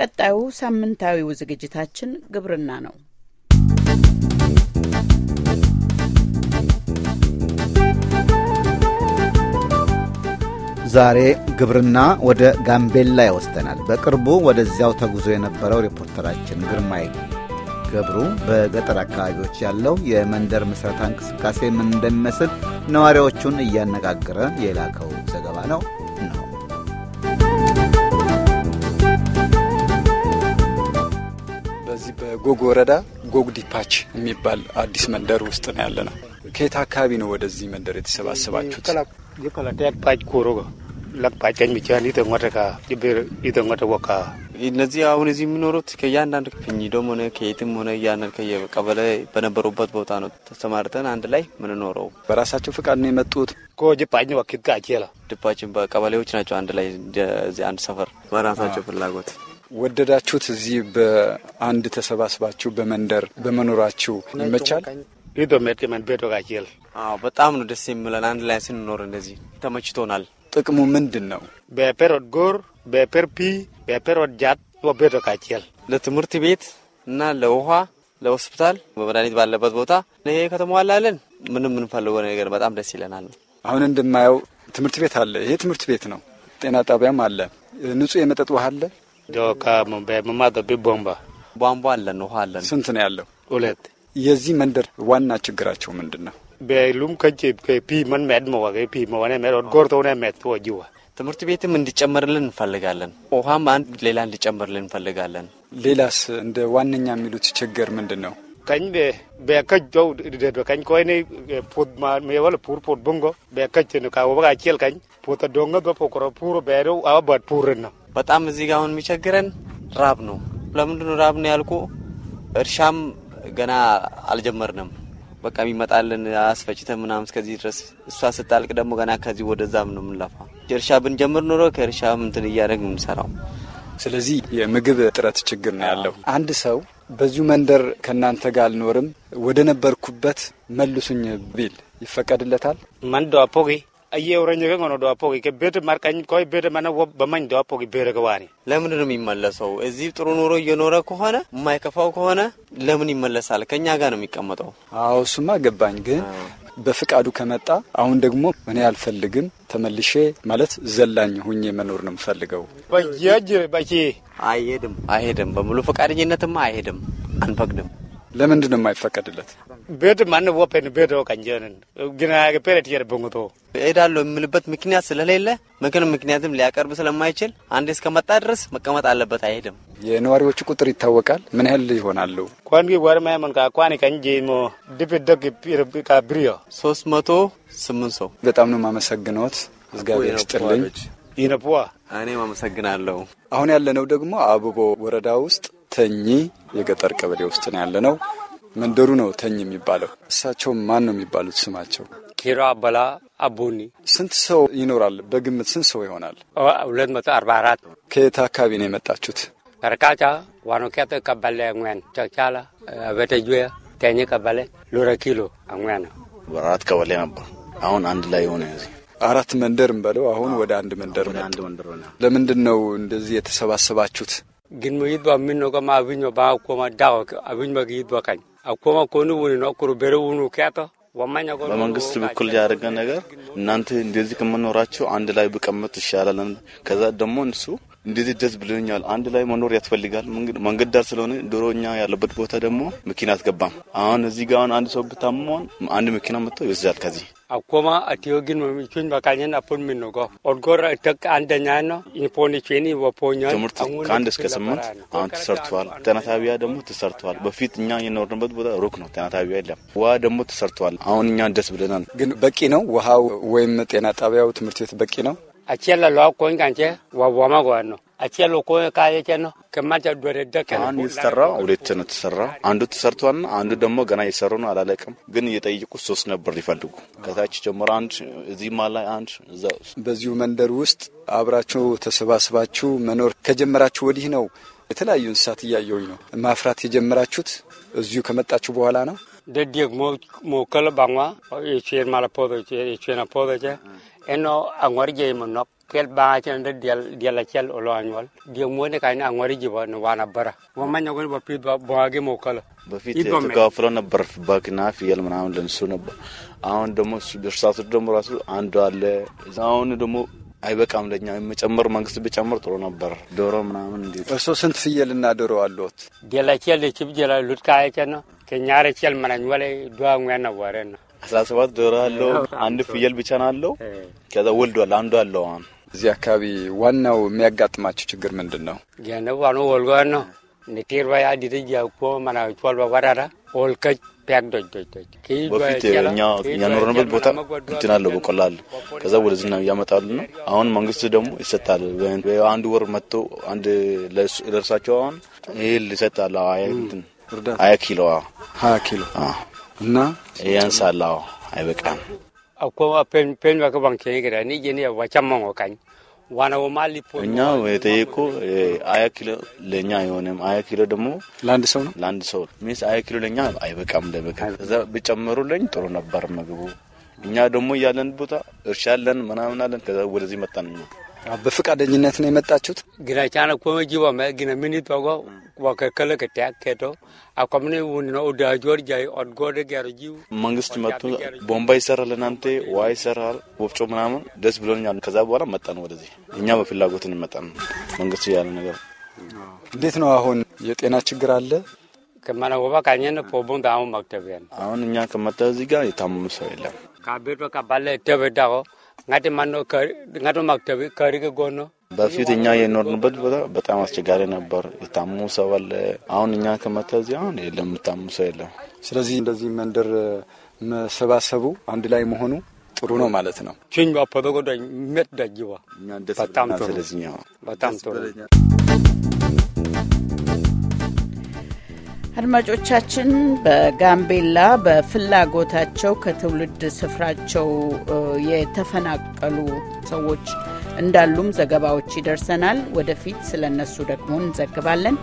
ቀጣዩ ሳምንታዊው ዝግጅታችን ግብርና ነው። ዛሬ ግብርና ወደ ጋምቤላ ይወስደናል። በቅርቡ ወደዚያው ተጉዞ የነበረው ሪፖርተራችን ግርማይ ገብሩ በገጠር አካባቢዎች ያለው የመንደር ምስረታ እንቅስቃሴ ምን እንደሚመስል ነዋሪዎቹን እያነጋገረ የላከው ዘገባ ነው። በዚህ በጎግ ወረዳ ጎግ ዲፓች የሚባል አዲስ መንደር ውስጥ ነው ያለ ነው። ከየት አካባቢ ነው ወደዚህ መንደር የተሰባሰባችሁት? እነዚህ አሁን እዚህ የሚኖሩት ከእያንዳንዱ ፍኝዶም ሆነ ከየትም ሆነ እያንዳንድ ከየቀበለ በነበሩበት ቦታ ነው ተሰማርተን አንድ ላይ ምንኖረው። በራሳቸው ፍቃድ ነው የመጡት። ጅፓኝ ዋኪት ቃ ጅፓችን በቀበሌዎች ናቸው አንድ ላይ እዚህ አንድ ሰፈር በራሳቸው ፍላጎት ወደዳችሁት? እዚህ በአንድ ተሰባስባችሁ በመንደር በመኖራችሁ ይመቻል? በጣም ነው ደስ የሚለን። አንድ ላይ ስንኖር እንደዚህ ተመችቶናል። ጥቅሙ ምንድን ነው? በፔሮድ ጎር፣ በፔርፒ፣ በፔሮድ ጃት ወቤዶ ለትምህርት ቤት እና ለውሃ ለሆስፒታል በመድኃኒት ባለበት ቦታ ይሄ ላለን ምንም የምንፈልገው ነገር በጣም ደስ ይለናል። አሁን እንደማየው ትምህርት ቤት አለ። ይሄ ትምህርት ቤት ነው። ጤና ጣቢያም አለ። ንጹህ የመጠጥ ውሃ አለ። ዶካ፣ በመማቶ ቧንቧ አለን፣ ውሃ አለን። ስንት ነው ያለው? ሁለት። የዚህ መንደር ዋና ችግራቸው ምንድን ነው? በሉም ፒ መዋ ፒ መሆነ ጎርቶ ሆነ ወጅዋ ትምህርት ቤትም እንዲጨመርልን እንፈልጋለን። ውሃም አንድ ሌላ እንዲጨመርልን እንፈልጋለን። ሌላስ እንደ ዋነኛ የሚሉት ችግር ምንድን ነው? ከኝ በከጀው ደዶ ከኝ ኮይኔ ፖድማወለ ፑር ፖድ ካወበቃ ቼል ከኝ ዶንገ ፑር ፑርን ነው በጣም እዚህ ጋር አሁን የሚቸግረን ራብ ነው። ለምንድነው ራብ ነው ያልኩ? እርሻም ገና አልጀመርንም። በቃ የሚመጣልን አስፈጭተ ምናምን እስከዚህ ድረስ እሷ ስታልቅ ደግሞ ገና ከዚህ ወደዛም ነው የምንለፋ። እርሻ ብንጀምር ኖሮ ከእርሻ ምንትን እያደረግ የምንሰራው። ስለዚህ የምግብ እጥረት ችግር ነው ያለው። አንድ ሰው በዚሁ መንደር ከእናንተ ጋር አልኖርም ወደ ነበርኩበት መልሱኝ ቢል ይፈቀድለታል? መንዶ አፖጌ አየ ወረኛ ገን ሆኖ ዶአፖ ጊ ከቤት ማርቀኝ ኮይ ቤት ማነ በማኝ ዶአፖ ጊ ቤት ገዋኒ ለምንድን ነው የሚመለሰው? እዚህ ጥሩ ኑሮ እየኖረ ከሆነ የማይከፋው ከሆነ ለምን ይመለሳል? ከኛ ጋር ነው የሚቀመጠው። አዎ እሱማ ገባኝ ግን በፍቃዱ ከመጣ አሁን ደግሞ እኔ አልፈልግም ተመልሼ ማለት ዘላኝ ሁኜ መኖር ነው የምፈልገው። አይሄድም አይሄድም፣ በሙሉ ፈቃደኝነትማ አይሄድም፣ አንፈቅድም። ለምንድን ነው የማይፈቀድለት? ቤት ማን ወፔን ቤት ቀንጀንን ግና ያገፔረት የርብንቶ እሄዳለሁ የምልበት ምክንያት ስለሌለ ምክን ምክንያትም ሊያቀርብ ስለማይችል አንድ እስከመጣ ድረስ መቀመጥ አለበት። አይሄድም። የነዋሪዎቹ ቁጥር ይታወቃል። ምን ያህል ይሆናሉ? ኳን ወርማ መንካ ኳን ቀንጄ ሞ ድፍ ደግ ብሪዮ ሶስት መቶ ስምንት ሰው በጣም ነው የማመሰግነዎት። እግዚአብሔር ይስጥልኝ። ይነቧ እኔም አመሰግናለሁ። አሁን ያለነው ደግሞ አብቦ ወረዳ ውስጥ ተኚ የገጠር ቀበሌ ውስጥ ነው ያለነው። መንደሩ ነው ተኝ የሚባለው። እሳቸው ማን ነው የሚባሉት ስማቸው? ኪሮ አበላ አቦኒ። ስንት ሰው ይኖራል በግምት ስንት ሰው ይሆናል? ሁለት መቶ አርባ አራት ከየት አካባቢ ነው የመጣችሁት? ከርቃጫ ዋኖ ኬጠ ቀበለ አንጓን ቻቻላ በተጁያ ተኝ ቀበለ ሎረ ኪሎ ነው። አራት ቀበሌ ነበር። አሁን አንድ ላይ የሆነ አራት መንደር እንበለው አሁን ወደ አንድ መንደር ለምንድን ነው እንደዚህ የተሰባሰባችሁት? ግን መይድ ሚኖ ቀማ አብኞ ባኮማ ዳ አብኝ መግይድ በቀኝ ኮኑ ውን በመንግስት በኩል ያደረገ ነገር እናንተ እንደዚህ ከመኖራችሁ አንድ ላይ ብቀመጥ ይሻላል። ከዛ ደግሞ እሱ እንደዚህ ደስ ብሎኛል። አንድ ላይ መኖር ያስፈልጋል። መንገድ ዳር ስለሆነ ድሮ እኛ ያለበት ቦታ ደግሞ መኪና አትገባም። አሁን እዚህ ጋር አንድ ሰው ብታመም አንድ መኪና መጥቶ ይወስዳል ከዚህ akkuma ati yookiin michuun bakkaanyen apuun minnu go odgorra tokko አንደኛና ኢንፎርሜሽን ወፖኛል ትምህርት ከአንድ እስከ ስምንት አሁን ተሰርተዋል። ጤና ጣቢያ ደግሞ ተሰርተዋል። በፊት እኛ የኖርንበት ቦታ ሩቅ ነው፣ ጤና ጣቢያ የለም። ውሃ ደግሞ ተሰርተዋል። አሁን እኛ ደስ ብለናል። ግን በቂ ነው ውሃው ወይም ጤና ጣቢያው ትምህርት ቤት በቂ ነው። አቼ ለለዋ ኮኝ ቃንቼ ዋዋማ ጎዋን ነው አቸሎ ኮ ካየቸ ነው ከማጫ ዶረደከ አሁን የተሰራ ሁለት ነው የተሰራ አንዱ ተሰርቷና አንዱ ደግሞ ገና እየሰሩ ነው። አላለቅም ግን እየጠየቁ ሶስት ነበር ሊፈልጉ ከታች ጀምሮ አንድ እዚህ ማላይ አንድ በዚሁ መንደር ውስጥ አብራችሁ ተሰባስባችሁ መኖር ከጀመራችሁ ወዲህ ነው የተለያዩ እንስሳት እያየሁኝ ነው። ማፍራት የጀመራችሁት እዚሁ ከመጣችሁ በኋላ ነው? de mo mo kala bangwa e chen mala podo che e chen a podo che eno angwari je mo nok kel ba cha de dial dial a chel olo anwal dia mo ne kai na angor je ba no wana bara wa man nyogon ba pi ba ba ge mo kala fi to na yel suno ba የተከፋፍለው ነበር mo su ምናምን ለንሱ ነበር። አሁን ደግሞ እርሳቱ ደግሞ alle አንዱ አለ። አሁን ደግሞ አይበቃም ለኛ የመጨመር መንግስት ብጨምር ጥሩ ነበር። ዶሮ ምናምን እንዴት እርሶ ስንት ፍየልና ዶሮ አለዎት? ዴላቼ ለችብ ጀላ ሉድቃ አይጨ ነው ከኛረ ቸል መናኝ በላይ ዱዋ ያናዋረን ነው። አስራ ሰባት ዶሮ አለው። አንድ ፍየል ብቻ ነው አለው። ከዛ ወልዷል። አንዱ አለው። አሁን እዚህ አካባቢ ዋናው የሚያጋጥማቸው ችግር ምንድን ነው? ገነቡ አኖ ወልጓን ነው ንቴር ባይ አዲት እያኮ መናዎቹ አልባ ወራራ ወልከች ፒያግዶጆጆች በፊት እኛ ያኖርንበት ቦታ እንትን አለው በቆላል ከዛ ወደዚህ ነው እያመጣሉ ነው። አሁን መንግስት ደግሞ ይሰጣል። አንድ ወር መጥቶ አንድ ለእርሳቸው አሁን ይህል ይሰጣል እንትን ሀያ ኪሎ ሀያ ኪሎ እና ያንሳል። አይበቃም። ወቃኝ ዋናው እኛ የጠየቁ አያ ኪሎ ለእኛ አይሆንም። አያ ኪሎ ደግሞ ለአንድ ሰው ነው። ለአንድ ሰው ሚስ አያ ኪሎ ለእኛ አይበቃም። ለበቃ እዛ ብጨመሩልኝ ጥሩ ነበር ምግቡ። እኛ ደግሞ እያለን ቦታ እርሻ አለን ምናምን አለን። ከዛ ወደዚህ መጣን ነው በፍቃደኝነት ነው የመጣችሁት? ግናቻነ ኮመጂ ወመግነ ምን ይተጎ ወከከለ ከታክ ከቶ አቆምነ ወንኖ ዳጆር ጃይ ኦድጎደ ጋርጂ መንግስት መጥቶ ቦምባ ይሰራል፣ እናንተ ውሃ ይሰራል፣ ወፍጮ ምናምን ደስ ብሎኛል። ከዛ በኋላ መጣን ወደዚህ። እኛ በፍላጎት እንመጣን መንግስት ያለ ነገር እንዴት ነው አሁን የጤና ችግር አለ? ከማና ወባ ካኘነ ፖቦን ዳሙ መክተብ አሁን እኛ ከመጣ እዚህ ጋር የታመመ ሰው የለም። ካቤቶ ካባለ ተበዳው በፊት እኛ የኖርንበት ቦታ በጣም አስቸጋሪ ነበር። የታሙ ሰው አለ። አሁን እኛ ከመተ እዚህ አሁን የለም፣ የታሙ ሰው የለም። ስለዚህ እንደዚህ መንደር መሰባሰቡ አንድ ላይ መሆኑ ጥሩ ነው ማለት ነው። ሜት በጣም ጥሩ አድማጮቻችን በጋምቤላ በፍላጎታቸው ከትውልድ ስፍራቸው የተፈናቀሉ ሰዎች እንዳሉም ዘገባዎች ይደርሰናል። ወደፊት ስለ እነሱ ደግሞ እንዘግባለን።